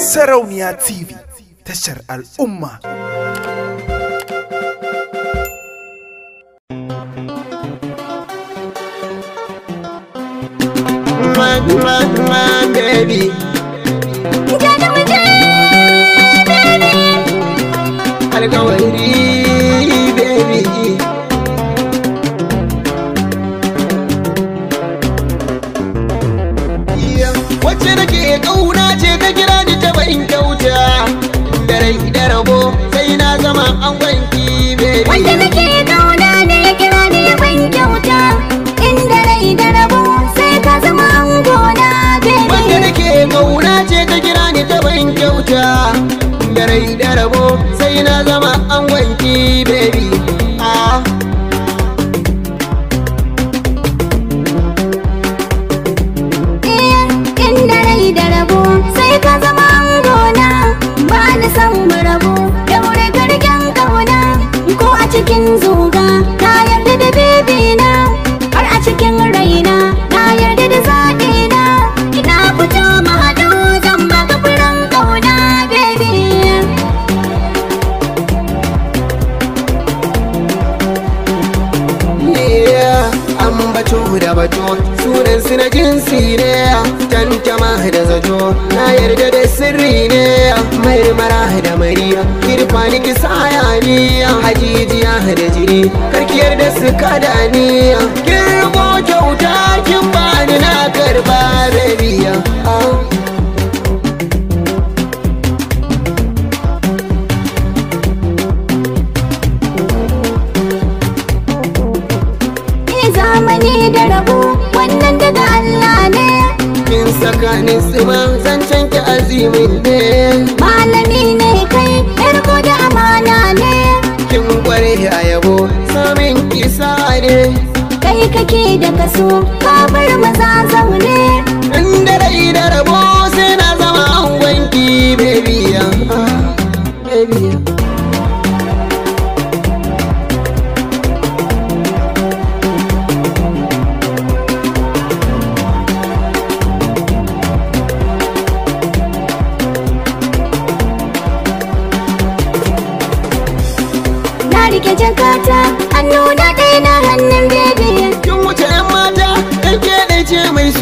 Sarauniya TV tashar al'umma. Man, man, man, Alkawari, baby. wanda nake kauna da ya kira ni ya ban kyauta in rai da rabo sai ta zama an gona baby wanda nake kauna ce ta kira ni ta ban kyauta da rai da sai na zama cikin zuga na yarda da bebina, har a cikin raina na yarda da zaɓe na ina fito mahaɗu zan baka furen ƙauna bebe ambato da bato sunansu na jinsi ne tantama da zato na yarda da sirri ne marmara da mariya kirfa ni ki ta da jiri karkiyar da su kada ni kin rubo kyauta kin bani na karba rabiya zamani da rabu wannan daga Allah ne kin saka ni ba zan ki azimin ne malami ne a yabo samin kisa ne kai kake da kaso ka bar maza zaune inda rai da rabo sai na zama an ki baby ah, baby ah.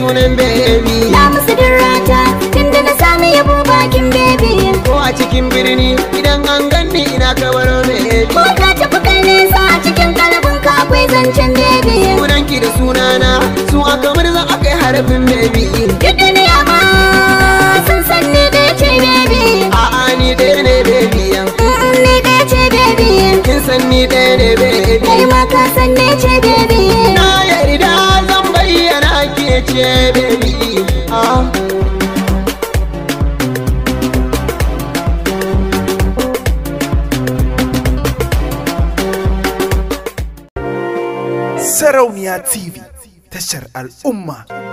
sunan baby na musu dirata tunda na sami yabo bakin baby ko a cikin birni idan an ganni ina kabaro baby ko ka tafi kai nesa a cikin kalabin ka akwai zancen baby sunan ki da sunana su aka murza akai harafin baby duk duniya ma sun san ni da ce baby a'a ni dai ne baby mm, ni dai ce baby kin san ni dai ne bebi. kai ma ka san ne ce baby Ah. ya TV tashar al'umma